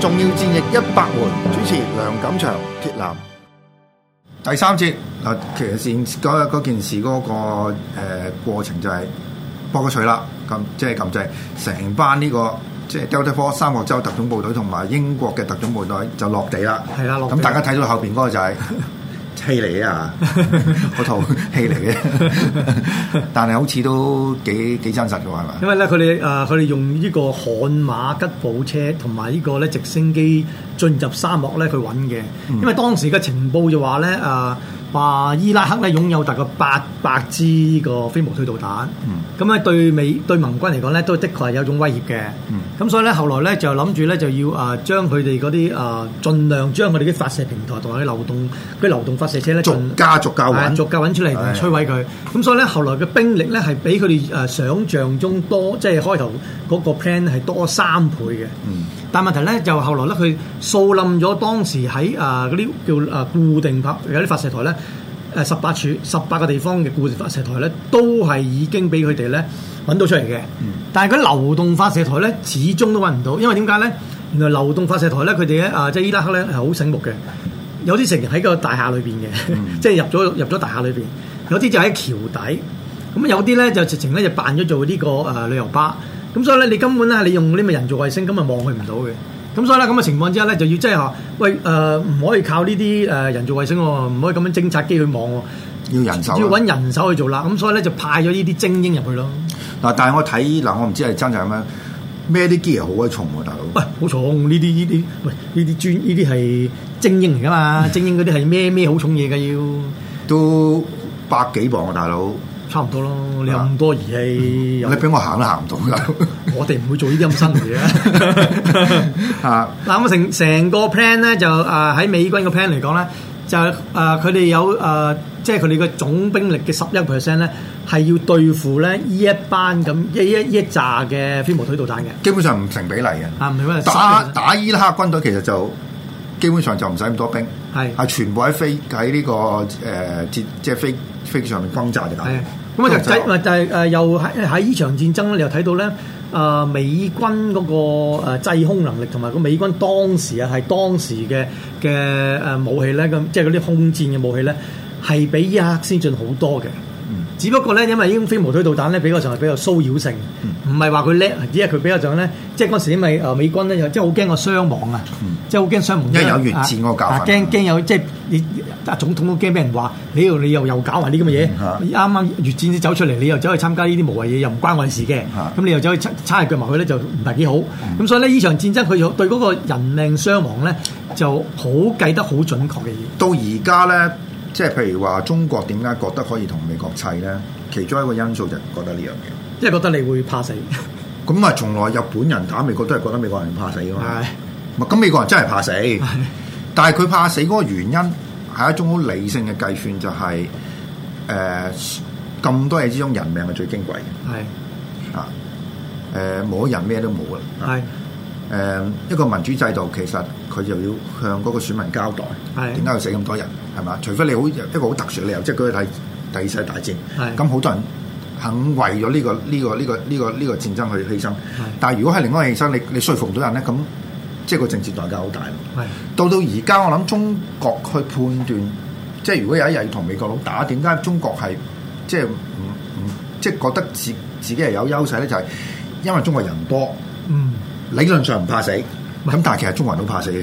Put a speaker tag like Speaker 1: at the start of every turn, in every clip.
Speaker 1: 重要戰役一百回，主持梁錦祥、鐵男。第三節嗱，其實前嗰嗰件事嗰、那個誒、呃、過程就係剝咗除啦，咁即係就制、是這個，成班呢個即係 Delta、三角洲特種部隊同埋英國嘅特種部隊就落地啦。係啦、啊，咁大家睇到後邊嗰個就係、是。 戲嚟啊，嗰套戲嚟嘅，但係好似都幾幾真實嘅係嘛？
Speaker 2: 因為咧，佢哋啊，佢哋、呃、佢哋用呢個悍馬吉普車同埋呢個咧直升機。進入沙漠咧，佢揾嘅，因為當時嘅情報就話咧，啊、呃、話伊拉克咧擁有大概八百支個飛毛腿導彈，咁咧、嗯、對美對盟軍嚟講咧，都的確係有種威脅嘅。咁、嗯、所以咧，後來咧就諗住咧就要啊，將佢哋嗰啲啊，儘量將佢哋啲發射平台同埋啲流動啲流動發射車咧，逐家逐家揾，嗯、逐家揾出嚟同摧毀佢。咁、哎、呀 所以咧，後來嘅兵力咧係比佢哋誒想像中多，即係開頭嗰個 plan 係多三倍嘅。嗯。但問題咧，就後來咧，佢掃冧咗當時喺啊嗰啲叫啊固定發有啲發射台咧，誒十八處十八個地方嘅固定發射台咧，都係已經俾佢哋咧揾到出嚟嘅。但係佢流動發射台咧，始終都揾唔到，因為點解咧？原來流動發射台咧，佢哋咧啊，即係伊拉克咧係好醒目嘅，有啲成日喺個大廈裏邊嘅，即係入咗入咗大廈裏邊，有啲就喺橋底，咁有啲咧就直情咧就扮咗做呢個誒旅遊巴。咁所以咧，你根本咧，你用呢啲人造衛星，咁啊望佢唔到嘅。咁所以咧，咁嘅情況之下咧，就要即係話，喂，誒、呃、唔可以靠呢啲誒人造衛星喎，唔可以咁樣偵察機去望喎，要人手，要揾人手去做啦。咁所以咧，就派咗呢啲精英入去咯。
Speaker 1: 嗱，但係我睇嗱，我唔知係真定係咩，孭啲機器好鬼重喎、啊，大佬。喂，好重呢啲呢
Speaker 2: 啲，喂呢啲專呢啲係精英嚟噶嘛？ 精英嗰啲係咩咩好重嘢嘅，要
Speaker 1: 都百幾磅啊，大佬。
Speaker 2: 差唔多咯，你咁多儀器，嗯、
Speaker 1: 有你俾我行都行唔到噶。 我哋唔會做呢啲咁新嘅嘢。
Speaker 2: 嗱，咁成成個 plan 咧就啊喺美軍個 plan 嚟講咧，就啊佢哋有啊、呃、即係佢哋嘅總兵力嘅十一 percent 咧，係要對付咧呢一班
Speaker 1: 咁一一億炸嘅飛毛腿導彈嘅。基本上唔成比例嘅。啊，唔係打打伊拉克軍隊其實就。基本上就唔使咁多兵，係啊是，全部喺飛喺呢、這個誒、呃，即係飛飛機上面轟炸嘅咁。咁啊的就即
Speaker 2: 係，就係誒，又喺喺呢場戰爭咧，你又睇到咧啊、呃，美軍嗰個制空能力同埋個美軍當時啊，係當時嘅嘅誒武器咧，咁即係嗰啲空戰嘅武器咧，係比伊拉克先進好多嘅。只不過咧，因為依種飛毛腿導彈咧比較上係比較騷擾性，唔係話佢叻，只係佢比較上咧，即係嗰時因為誒美軍咧又即係好驚個傷亡啊，即係好驚傷亡。因為、嗯、有越戰個教訓、啊，驚驚有即係你、啊、總統都驚俾人話，你又你又又搞埋啲咁嘅嘢，啱啱越戰先走出嚟，你又、嗯、走去參加呢啲無謂嘢，又唔關我哋事嘅，咁、嗯嗯、你又走去插插嚟埋去咧，就唔係幾好。咁、嗯嗯、所以呢，呢場戰爭，佢又對嗰個人命傷亡咧就好計得好準確嘅嘢。
Speaker 1: 到而家咧。即係譬如話中國點解覺得可以同美國砌咧？其中一個因素就覺得呢樣嘢，即係覺得你會怕死。咁啊，從來日本人打美國都係覺得美國人怕死噶嘛。係是是，唔係咁美國人真係怕死，是是但係佢怕死嗰個原因係一種好理性嘅計算，就是，就係誒咁多嘢之中，人命係最矜貴嘅。係是是 啊，誒、呃、冇人咩都冇啊。係是是、呃，誒一個民主制度其實。佢就要向嗰個選民交代，點解是的 要死咁多人，係嘛？除非你好一個好特殊嘅理由，即係佢個例，第二世大戰，咁好是的 多人肯為咗呢、呢個呢、呢個呢、呢個呢、呢個呢、呢個戰爭去犧牲。是的 但係如果係另外犧牲，你你説服唔到人咧，咁即係個政治代價好大。是的 到到而家，我諗中國去判斷，即係如果有一日要同美國佬打，點解中國係即係唔唔即係覺得自自己係有優勢咧？就係、是、因為中國人多，理論上唔怕死。咁但係其實中
Speaker 2: 國人都怕死嘅，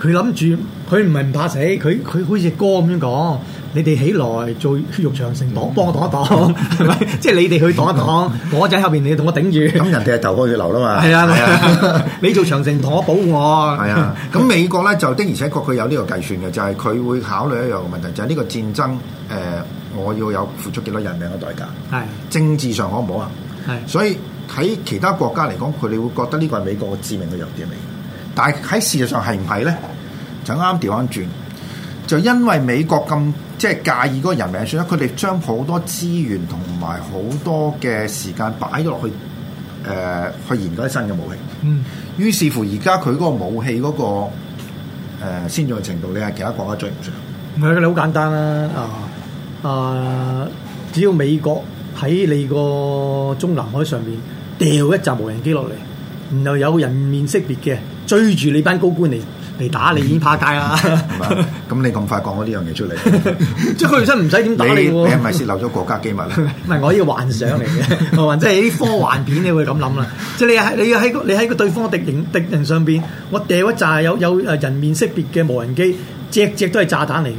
Speaker 2: 佢諗住佢唔係唔怕死，佢佢好似歌咁樣講：你哋起來做血肉長城，擋幫我擋一擋， 係咪？即係你哋去擋一擋， 我喺後
Speaker 1: 邊你同我頂住。咁人哋係頭破血流啦嘛。係啊，係啊， 你做長城同我保護我。係啊，咁 美國咧就的而且確佢有呢個計算嘅，就係、是、佢會考慮一樣嘅問題，就係、是、呢個戰爭誒、呃，我要有付出幾多人命嘅代價。係的政治上可唔可行？係的，的所以喺其他國家嚟講，佢哋會覺得呢個係美國嘅致命嘅弱點嚟。但係喺事實上係唔係咧？就啱啱調翻轉，就因為美國咁即係介意嗰個人命先啦，佢哋將好多資源同埋好多嘅時間擺咗落去誒、呃、去研究啲新嘅武器。嗯，於是乎而家佢嗰個武器嗰、那個誒、呃、先進程度，你話其他國家追唔上？
Speaker 2: 唔係嘅，好簡單啦啊啊，啊！只要美國喺你個中南海上面掉一隻無人機落嚟，然後有人面識別嘅。追住你班高官嚟嚟打你，已經怕街啦！
Speaker 1: 咁你咁快講咗呢樣嘢出嚟，
Speaker 2: 即係佢真唔使
Speaker 1: 點打你喎、啊！你你係咪泄漏咗國家機密？唔
Speaker 2: 係， 我呢個幻想嚟嘅，即係啲科幻片你、就是你，你會咁諗啦！即係你喺你喺個你喺個對方敵人,敵人上邊，我掉一紮有有誒人面識別嘅無人機，隻隻都係炸彈嚟嘅，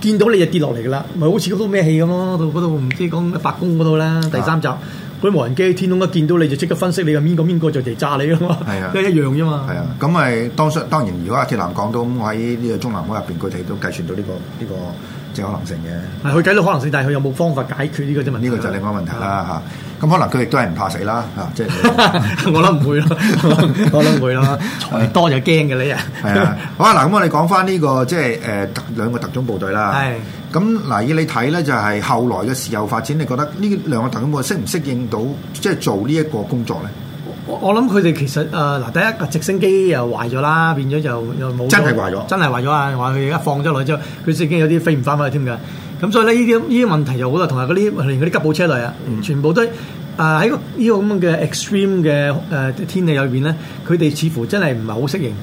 Speaker 2: 見到你就跌落嚟㗎啦！咪好似嗰套咩戲咁咯，到嗰度唔知講白宮嗰度啦，第,第三集。 佢啲無人機天空一見到你就即刻分析你係邊個邊個，就嚟炸你㗎嘛，即係一樣啫嘛。
Speaker 1: 係啊，咁咪當然當然，如果阿鐵男講到我喺呢個中南海入邊，佢哋都計算到呢、呢個呢、呢個即可能性嘅。係佢計到可能性，但係佢有冇方法解決呢個啫？問呢個就另外問題啦嚇。咁、啊啊、可能佢亦都係唔怕死啦嚇，即係我諗唔會咯，我諗唔會咯。財多就驚嘅你啊。係啊，好啊嗱，咁我哋講翻呢個即係誒兩個特種部隊啦。係、 啊。嗯咁嗱，以你睇咧，就係、是、後來嘅時候發展，你覺得呢兩個特工佢適唔適應到，即係做呢一個工作咧？
Speaker 2: 我我諗佢哋其實誒嗱、呃，第一個直升機又壞咗啦，變咗就又冇真係壞咗，真係壞咗啊！話佢而家放咗落去之後，佢已經有啲飛唔翻翻去添㗎。咁所以咧，呢啲呢啲問題就好啦，同埋嗰啲連嗰啲吉普車嚟啊，嗯、全部都誒喺呢個咁嘅 extreme 嘅誒、呃、天氣入邊咧，佢哋似乎真係唔係好適應。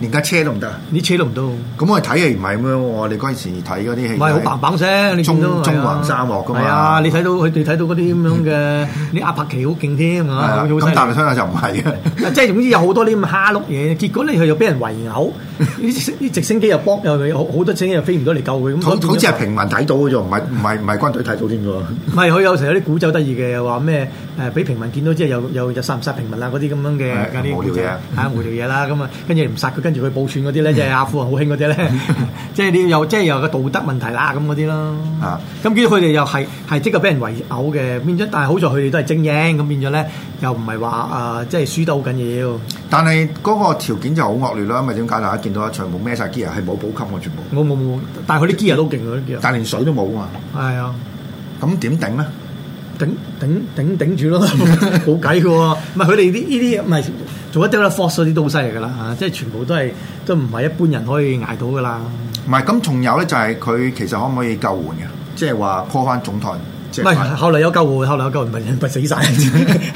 Speaker 2: 連架
Speaker 1: 車都唔得，啲車都唔到。咁我哋睇啊，唔係咁樣喎。你嗰陣時睇嗰啲戲，唔係好棒
Speaker 2: 棒聲。中中環沙漠噶嘛？係啊，你睇到佢哋睇到嗰啲咁樣嘅，你阿 帕奇好勁添啊！咁但係鄉下就唔係嘅，即係 總之有好多啲咁嘅蝦碌嘢，結果你佢又俾人圍
Speaker 1: 毆。啲直升機又幫又好好多直升機又飛唔到嚟救佢，好好似係平民睇到嘅啫，唔係唔係唔係軍隊睇到添嘅
Speaker 2: 喎。唔係佢有時有啲故作得意嘅，又話咩誒俾平民見到之後又又殺唔殺平民啊，嗰啲咁樣嘅嗰啲無聊嘢啊，無聊嘢啦咁啊，跟住唔殺佢，跟住佢報串嗰啲咧，即係阿富汗好興嗰啲咧，即係你又即係又個道德問題啦咁嗰啲咯。啊，咁跟住佢哋又係係即刻俾人圍毆嘅，變咗。但係好在佢哋都係精英，咁變咗咧又唔係話誒即係輸得好緊要。
Speaker 1: 但係嗰個條件就好惡劣啦，咪點解啦？見到阿長毛孭曬機油，係冇補給喎，全部。冇冇冇，
Speaker 2: 但係佢啲機油都勁喎，啲機
Speaker 1: 油。但係連水都冇啊嘛。
Speaker 2: 係啊，咁點頂咧？頂頂頂頂住咯，冇計㗎喎。唔係佢哋啲呢啲，唔係做一啲咧 force 啲東西嚟㗎啦，即係全部都係都唔係一般人可以捱到㗎啦。
Speaker 1: 唔係，咁仲有咧就係佢其實可唔可以救援嘅？即係話 call 返總台。唔係，別後
Speaker 2: 嚟有救援，後嚟有救援，唔係死晒。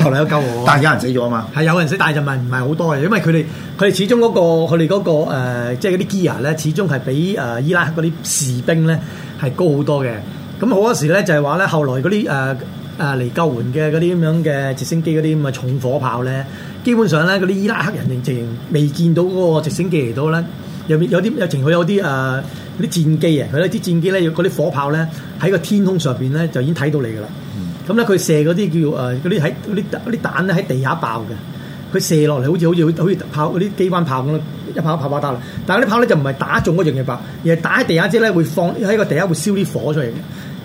Speaker 2: 後嚟有救援。但係有人死咗啊嘛，係有人死，但係就唔係唔係好多嘅，因為佢哋佢哋始終嗰、嗰個佢哋嗰個、呃、即係嗰啲 gear 咧，始終係比誒伊拉克嗰啲士兵咧係高多好多嘅。咁好多時咧就係話咧，後來嗰啲誒誒嚟救援嘅嗰啲咁樣嘅直升機嗰啲咁嘅重火炮咧，基本上咧嗰啲伊拉克人仍然未見到嗰個直升機嚟到咧，入面有啲有情有啲誒。啲戰機啊，佢咧啲戰機咧，要嗰啲火炮咧喺個天空上邊咧就已經睇到你噶啦。咁咧佢射嗰啲叫誒嗰啲喺嗰啲啲彈咧喺地下爆嘅，佢射落嚟好似好似好似炮啲機關炮咁咯，一炮一炮啪嗒啦。但係啲炮咧就唔係打中嗰樣嘢爆，而係打喺地下啫咧會放喺個地下會燒啲火出嚟嘅。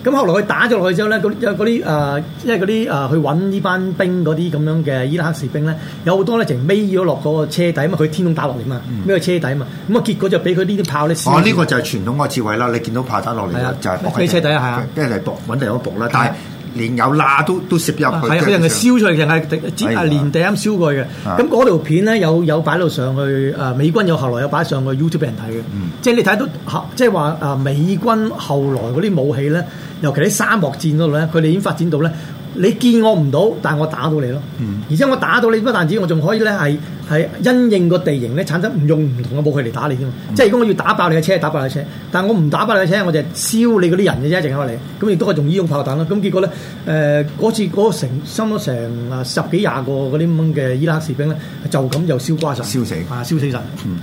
Speaker 2: 咁後來佢打咗落去之後咧，嗰啲誒，即係嗰啲誒去揾呢班兵嗰啲咁樣嘅伊拉克士兵咧，有好多咧，整歪咗落嗰個車底啊嘛，佢天空打落嚟啊嘛，歪車底啊嘛，咁啊結果就俾佢呢啲炮咧。哦，呢、呢個就
Speaker 1: 係傳統嘅智慧啦，你見到炮彈落嚟啊，就係歪車底啊，係啊，跟住嚟博揾第二個博啦，但係連有罅都都攝入去，係佢、啊上啊、人係燒出嚟，人係接
Speaker 2: 係連地冚燒佢嘅。咁嗰、啊、條片咧有有擺到上去誒、呃，美軍有後來有擺上去 YouTube 俾人睇嘅、嗯，即係你睇到即係話誒美軍後來嗰啲武器咧。尤其喺沙漠戰嗰度咧，佢哋已經發展到咧，你見我唔到，但係我打到你咯。嗯、而且我打到你不但止，我仲可以咧係係因應個地形咧，產生唔用唔同嘅武器嚟打你啫、嗯、即係如果我要打爆你嘅車，打爆你嘅車。但係我唔打爆你嘅車，我就燒你嗰啲人嘅啫，一陣過你，咁亦都係用煙用炮嚟打啦。咁結果咧，誒、呃、嗰次嗰成收咗成啊十幾廿個嗰啲咁嘅伊拉克士兵咧，就咁又燒瓜實。燒死。啊，燒死實、嗯。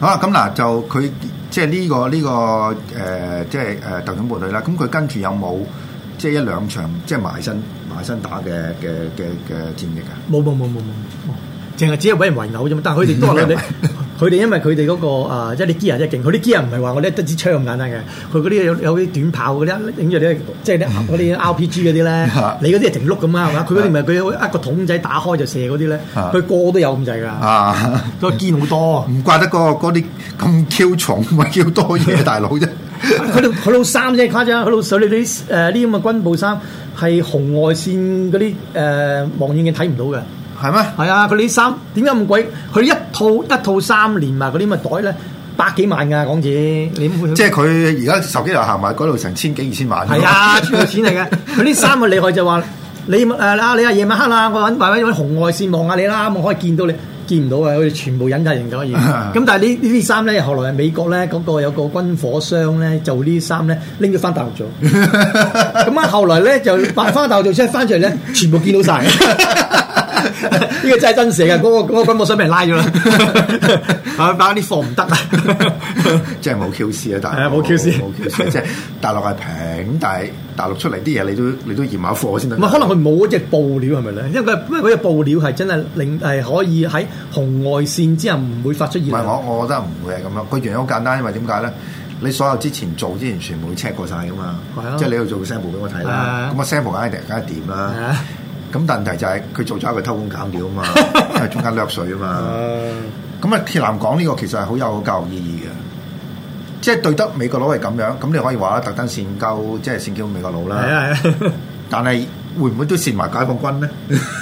Speaker 1: 好啊，咁嗱就佢。即係呢、這個呢、這個誒、呃，即係誒、呃、特種部隊啦。咁佢跟住有冇即係一兩場即係埋身埋身打嘅嘅嘅嘅戰役啊？
Speaker 2: 冇冇冇冇冇，
Speaker 1: 淨係、哦、只係畀人圍毆啫嘛。但係佢哋都係 佢哋因為佢哋嗰
Speaker 2: 個啊，即係啲 gear 即係勁，佢啲 gear 唔係話我哋得支槍咁簡單嘅，佢嗰啲有有啲短炮嗰啲，影住你即係啲 RPG 嗰啲咧，你嗰啲係停轆咁啊，係嘛？佢嗰啲唔係佢一個桶仔打開就射嗰啲
Speaker 1: 咧，佢個
Speaker 2: 個都有咁滯㗎，啊、
Speaker 1: 都堅好多。唔怪得嗰嗰啲咁 Q 重，咪 Q 多嘢大佬啫。佢佢攞衫啫誇張，佢老上
Speaker 2: 你啲誒呢啲咁嘅軍部衫係紅外線嗰啲誒望遠鏡睇唔到嘅。係咩？係啊！佢啲衫點解咁貴？佢一套一套三年埋嗰啲乜袋
Speaker 1: 咧，百萬、啊、你幾萬噶講嘢。即係佢而家手機又行埋嗰度，成千幾二千萬。係啊，錢嚟嘅。佢啲 衫啊厲害就話你誒啊、呃！你啊夜晚黑啦，我揾埋揾
Speaker 2: 一揾紅外線望下你啦，我可以見到你，見唔到啊？佢哋全部忍晒，型咁樣。咁但係呢呢啲衫咧，後來係美國咧嗰、嗰個有個軍火商咧就呢啲衫咧拎咗翻大陸做。咁啊，後來咧就把翻大陸做出翻出嚟咧，全部見到晒。 呢、 個真係真事嘅，嗰、嗰個嗰個滾木箱俾人拉咗啦，啊， 打啲貨唔得啊，
Speaker 1: 真係冇 QC 啊，大陸係冇 QC，即係大陸係平，但係 大，大陸出嚟啲嘢你都你都驗下貨先得。可能
Speaker 2: 佢冇嗰隻布料係咪咧？因為佢因為嗰隻布
Speaker 1: 料係真係令係可以喺紅外線之下唔會發出熱。唔係，我我覺得唔會係咁樣。個原因好簡單，因為點解咧？你所有之前做之前全部 check 過晒噶嘛，即係、啊、你要做 sample 俾我睇啦，咁啊 sample 梗係第日梗係掂啦。咁問題就係佢做咗一個偷工減料啊嘛，係 中間掠水啊嘛。咁啊，鐵男講呢個其實係好有很教育意義嘅，即係對得美國佬係咁樣，咁你可以話特登善鳩，即係善鳩美國佬啦。 但係。會唔會都馴埋解放軍咧？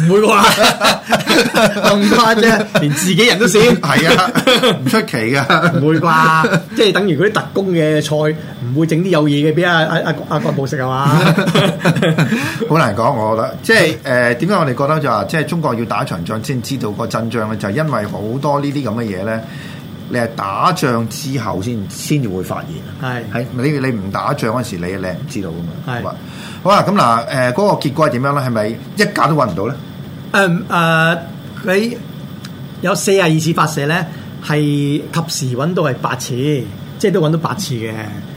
Speaker 1: 唔會啩，咁誇啫，連自己人都馴，係 啊，唔出奇噶，
Speaker 2: 唔會啩，即係等於嗰啲特工嘅菜，唔會整啲有嘢嘅俾阿阿阿阿國部
Speaker 1: 食係嘛？好 難講，我覺得，即係誒點解我哋覺得就話，即係中國要打一場仗先知道個陣仗咧，就係、是、因為好多呢啲咁嘅嘢咧。你係打仗之後先先至會發現，係喺是你你唔打仗嗰時，你你唔知道噶嘛，係是好啊，咁嗱，誒嗰、呃嗰個結果係點樣咧？係咪一架都揾唔到咧？
Speaker 2: 誒誒，佢有四十二次發射咧，係及時揾到係八次，即係都揾到八次嘅，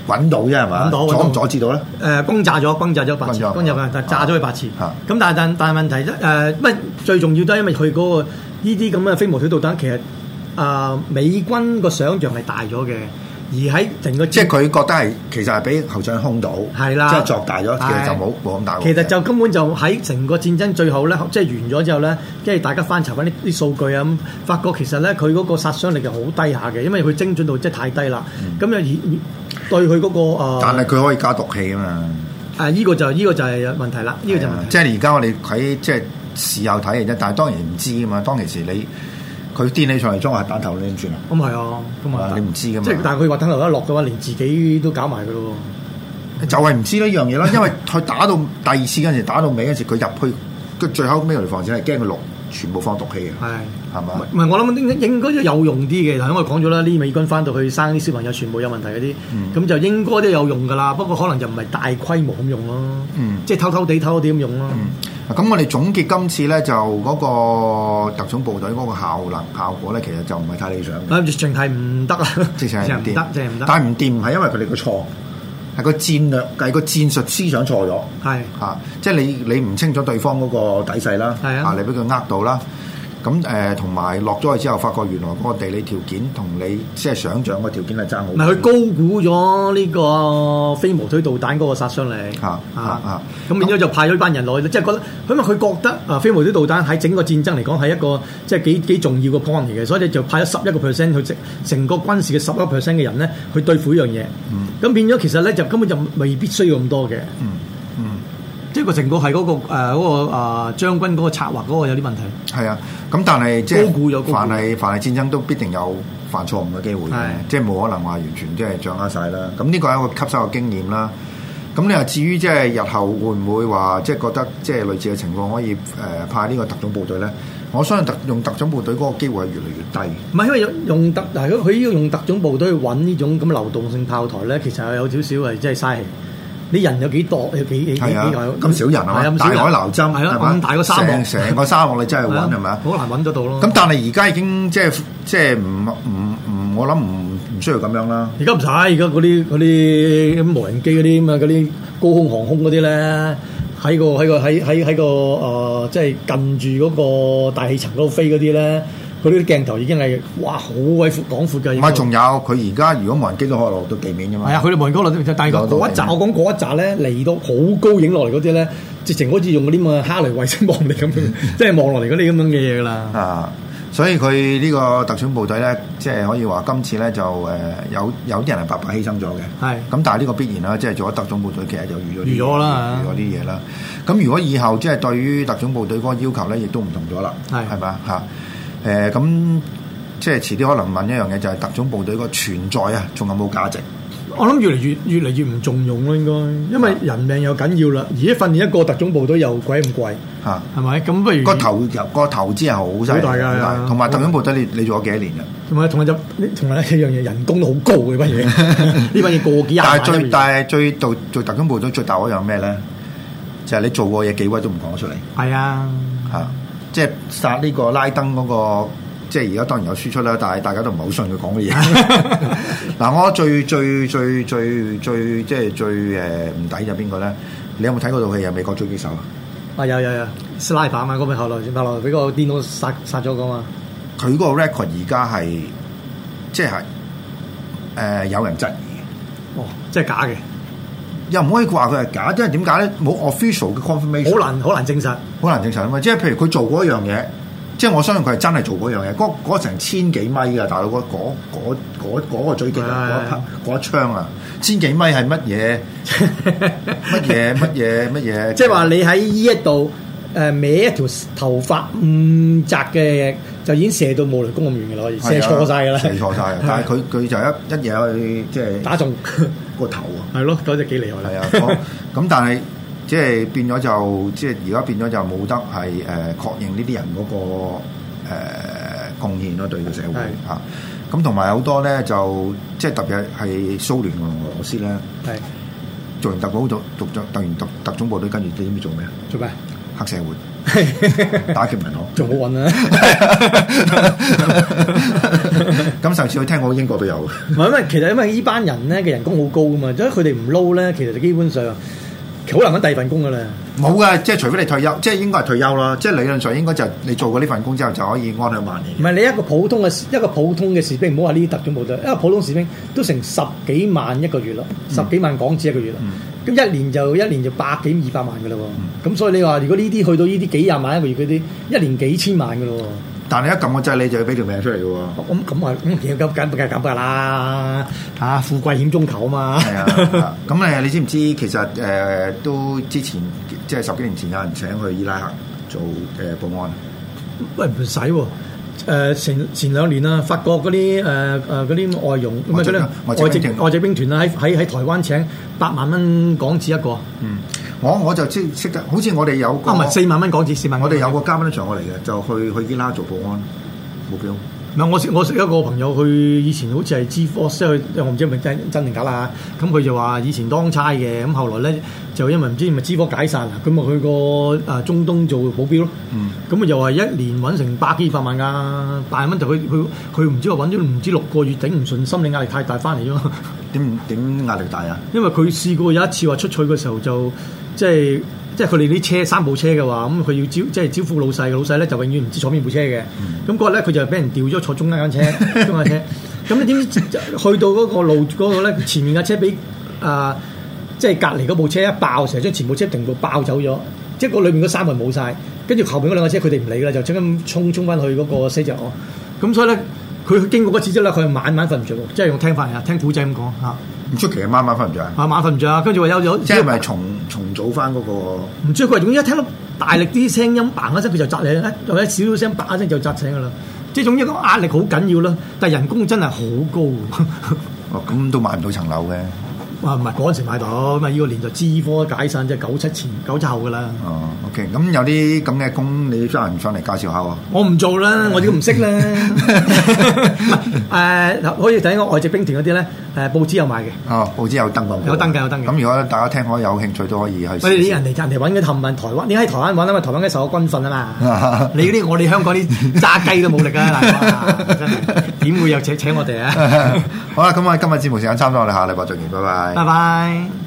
Speaker 2: 揾到啫係嘛？咁到阻唔阻止到咧？誒、uh，轟炸咗，轟炸咗八次，轟炸咗、啊、炸咗佢八次。咁、啊啊、但係但但係問題咧，誒、呃，最重要都係因為佢嗰個呢啲咁嘅飛毛腿導彈其實。誒、呃、美軍個想像係大咗嘅，
Speaker 1: 而喺成個戰即係佢覺得係其實係俾後長兇到，係啦的，即係作大咗，其實就冇冇咁大。其實
Speaker 2: 就根本就喺成個戰爭最後咧，即係完咗之後咧，即係大家翻查緊啲啲數據啊，咁發覺其實咧佢嗰個殺傷力其實好低下嘅，因為佢精
Speaker 1: 準度即係太低啦。
Speaker 2: 咁又、嗯、而對佢嗰、那
Speaker 1: 個、呃、但係佢可以加毒氣啊嘛。誒、
Speaker 2: 呃，依、這個就依、這個就係、這個、問題啦。呢的個就係
Speaker 1: 即係而家我哋喺即係事後睇嘅啫，但係當然唔知啊嘛。當其時你。佢癲起上嚟裝係彈頭靚轉、嗯、啊！
Speaker 2: 咁係啊，
Speaker 1: 咁啊但，你唔知噶嘛？即係但係佢話彈頭一落嘅話，連自己都搞埋佢咯。就係唔知呢樣嘢啦， 因為佢打到第二次嗰陣時，打到尾嗰陣時，佢入去佢最後尾嚟防止係驚佢落，全部放毒氣啊。係係
Speaker 2: 嘛？唔係我諗應該應該有用啲嘅，因為講咗啦，啲美軍翻到去生啲小朋友全部有問題嗰啲，咁、嗯、就應該都有用㗎啦。不過可能就唔係大規模咁用咯，嗯、即係偷偷地偷偷咁用咯。嗯
Speaker 1: 咁我哋總結今次咧，就嗰個特種部隊嗰個效能效果咧，其實就唔係太理想嘅。誒，直情係唔得啦，直情係唔掂，但係唔掂唔係因為佢哋嘅錯，係個戰略，係個戰術思想錯咗，係嚇的、啊，即係你你唔清楚對方嗰個底勢啦，嚇的、啊、你俾佢呃到啦。咁誒，同埋落咗去之後，發覺原來嗰個地理條件同你即係想像個條件係爭好，唔係佢
Speaker 2: 高估咗呢個飛毛腿導彈嗰個殺傷力嚇嚇嚇！咁、啊啊啊、變咗就派咗班人落去，即係那覺得，因為佢覺得啊飛毛腿導彈喺整個戰爭嚟講係一個即係、就是、幾幾重要嘅 point 嚟嘅，所以就派咗十一個 percent 去整個軍事嘅十一 percent 嘅人咧去對付依樣嘢。咁、嗯、變咗其實咧就根本就未必需要咁多嘅。嗯個成果係嗰，嗰個誒，嗰，呃嗰個啊將，呃、軍嗰個策劃嗰個有啲問題。
Speaker 1: 係啊，咁但係即係凡係凡係戰爭都必定有犯錯誤嘅機會嘅，係啊，即係冇可能話完全即係掌握晒啦。咁呢個係一個吸收嘅經驗啦。咁你話至於即係日後會唔會話即係覺得即係類似嘅情況可以誒、呃、派呢個特種部隊咧？我相信特用特種部隊嗰個機會係越嚟越低。
Speaker 2: 唔係因為有用特，但係佢依用特種部隊去揾呢種咁流動性炮台咧，其實係有少少係真係嘥氣。啲人有幾多？有幾、啊、幾幾咁少人啊！咁、啊、海撈針，係咯，咁大個沙漠，成成個沙漠你真係揾係
Speaker 1: 咪啊？好難揾得到咯。咁但係而家已經即係即係唔唔唔，我諗唔唔需要咁樣啦。而家唔使，而家嗰啲嗰啲咁無人機嗰啲咁啊嗰啲高
Speaker 2: 空航空嗰啲咧，喺個喺個喺喺喺個誒，即、呃、係、就是、近住嗰個大氣層嗰度飛嗰啲咧。佢啲鏡頭已經係哇，好鬼闊廣闊嘅。唔係，仲
Speaker 1: 有佢而家如果冇人機都可以落到地面噶嘛？係啊，佢
Speaker 2: 哋無人機落到地面。但係嗰、那個、一扎，的我講嗰一扎咧，嚟到高好高影落嚟嗰啲咧，直情好似用嗰啲咁嘅哈嚟衛星望遠鏡，即係望落
Speaker 1: 嚟嗰啲咁樣嘅嘢啦。啊，所以佢呢個特種部隊咧，即、就、係、是、可以話今次咧就誒有有啲人係白白犧牲咗嘅。係的。咁但係呢個必然啦，即、就、係、是、做咗特種部隊，其實就預咗預咗啦，預咗啲嘢啦。咁如果以後即係對於特種部隊嗰個要求咧，亦都唔同咗啦。係咪的？嘛的誒，咁即係遲啲可能問一樣嘢，就係特種部隊個存在啊，仲有冇價值？
Speaker 2: 我諗越嚟越越嚟越唔重用啦，應該，因為人命又緊要啦，而家訓練一個特種部隊又鬼咁貴，
Speaker 1: 吓係咪？咁不如個投入個投資係好大，好大，同埋特種部隊你你做咗幾多年噶
Speaker 2: 同埋同埋一，同埋一樣嘢，人工都好高嘅，呢樣
Speaker 1: 嘢呢樣嘢過幾廿萬，但係最大、最做做特種部隊最大嗰樣咩咧？就係你做過嘢幾威都唔講得出嚟。係啊，吓。即係殺呢個拉登嗰、那個，即係而家當然有輸出啦，但係大家都唔係好信佢講嘅嘢。嗱、 啊，我最最最最最即係最誒唔抵就邊個咧？你有冇睇嗰套戲《美國狙擊手》啊？
Speaker 2: 啊，有有有，slapper 啊嘛，嗰名後來轉俾個
Speaker 1: 電腦殺殺咗噶嘛。佢個 record 而家係即係誒、呃、有人質疑。哦，即係假嘅。又唔可以話佢係假，因為點解咧？冇 official 嘅 confirmation，好難好難證實，好難證實啊嘛！即係譬如佢做過一樣嘢，即係我相信佢係真係做過一樣嘢。嗰成千幾米嘅、啊、大佬，嗰嗰嗰個最勁嗰、哎、一嗰槍啊，千幾米係乜嘢？乜嘢乜嘢乜嘢？即係話你喺呢一度誒，歪、呃、一條頭髮唔
Speaker 2: 窄嘅。就已經射到冇嚟公務員嘅啦，射錯晒嘅啦，射錯晒嘅。但係
Speaker 1: 佢佢就一一嘢去即係打中個頭啊！係咯，嗰隻幾厲害。啦。係啊，咁但係即係變咗就即係而家變咗就冇得係誒確認呢啲人嗰、那個誒、呃、貢獻咯，對個社會嚇。咁同埋好多咧就即係特別係蘇聯同俄羅斯咧係是的 做完特保做做做特完特完特種部隊跟住啲咁嘅做咩做咩？黑社會打劫銀行仲好揾啊！咁上次我聽講英國都有，
Speaker 2: 唔係，因為，其實因為呢班人咧嘅人工好高啊嘛，所以佢哋唔撈咧，其實就基本上
Speaker 1: 好難揾第二份工噶啦。冇噶，即係除非你退休，即係應該係退休啦。即係理論上應該就係你做過呢份工之後，就可以安享晚年。唔係你一個普通嘅一個普通嘅士兵，唔好話呢
Speaker 2: 啲特種部隊，一個普通士兵都成十幾萬一個月咯，嗯、十幾萬港紙一個月。嗯嗯咁一年就一年就百幾二百萬嘅啦、啊，咁、嗯、所以你話如果呢啲去到呢啲幾廿萬一個月嗰啲，一年幾千萬嘅咯。但係你一撳個掣，你就要俾條命出嚟嘅喎。咁咁啊，咁而家梗唔梗係咁嘅啦？嚇、啊，富貴險中求啊嘛、嗯。
Speaker 1: 咁、嗯、誒、嗯嗯，你知唔知其實誒、呃、都之前即係十幾年前有人請去伊拉克做誒保安？呃、
Speaker 2: 喂，唔使喎。誒成、uh, 前兩年啊，法國嗰啲誒誒啲外傭，咁啊啲外籍外籍兵團啊，喺喺喺台灣請八萬蚊港紙一個，嗯，
Speaker 1: 我我就知識得，好似我哋有個唔係四萬蚊港紙，四萬，我哋有個嘉賓、哦、的場過嚟嘅，就去去伊拉克做保安，目標。
Speaker 2: 唔，我識我識一個朋友，佢以前好似係 G4，即係我唔知係咪真真定假啦。咁佢就話以前當差嘅，咁後來咧就因為唔知咪 G4 解散啦，咁啊去個啊中東做保鏢咯。咁啊、嗯、又係一年揾成百幾百萬㗎，百幾蚊，就佢佢佢唔知話揾咗唔知六個月頂唔順，心理壓力太大，翻嚟咗。點點壓力大啊？因為佢試過有一次話出賽嘅時候就即係。就是即係佢哋啲車三部車嘅話，咁佢要招即係招呼老細，老細咧就永遠唔知坐邊部車嘅。咁嗰日咧，佢就俾人調咗坐中間車， 中間車。咁你點知去到嗰個路嗰度咧？前面架車俾啊，即係隔離嗰部車一爆，成日將前部車停到爆走咗，即係個裏面嗰三個冇晒。跟住後邊嗰兩架車佢哋唔理啦，就即刻衝衝翻去嗰個 C 座。咁所以咧，佢經過嗰次之後咧，佢晚晚瞓唔著，即係用聽翻啊，聽古仔咁講嚇。嗯唔出奇啊，晚晚瞓唔着啊，晚晚瞓唔着啊，跟住話休咗，即係咪重重組翻嗰個？唔知佢，總之一聽到大力啲聲音，嘭一聲佢就扎你咧，或者少少聲，嘭一聲就扎醒噶啦。即係總之個壓力好緊要咯，但係人工真係好高。
Speaker 1: 哦，咁都買唔到層樓嘅。唔係嗰陣時買到，咁啊依個年代資科解散，即係九七前、九七後嘅啦。哦，OK，咁有啲咁嘅工，你真係唔上嚟介紹下喎。
Speaker 2: 我唔做啦，我亦都唔識啦。唔係，誒，可以睇我外籍兵團嗰啲咧，誒報紙有賣嘅。哦，
Speaker 1: 報紙有登過，有登嘅，有登嘅。咁如果大家聽開有興趣，都可以去。所以啲人
Speaker 2: 嚟，人哋揾佢氹問台灣，你喺台灣揾啊嘛，台灣嘅受過軍訓啊嘛。你嗰啲，我哋香港啲炸雞都冇力啊，真係
Speaker 1: 點會有請請我哋啊？好啦，咁啊今日節目時間差唔多啦，我哋下禮拜再見，拜拜。拜拜。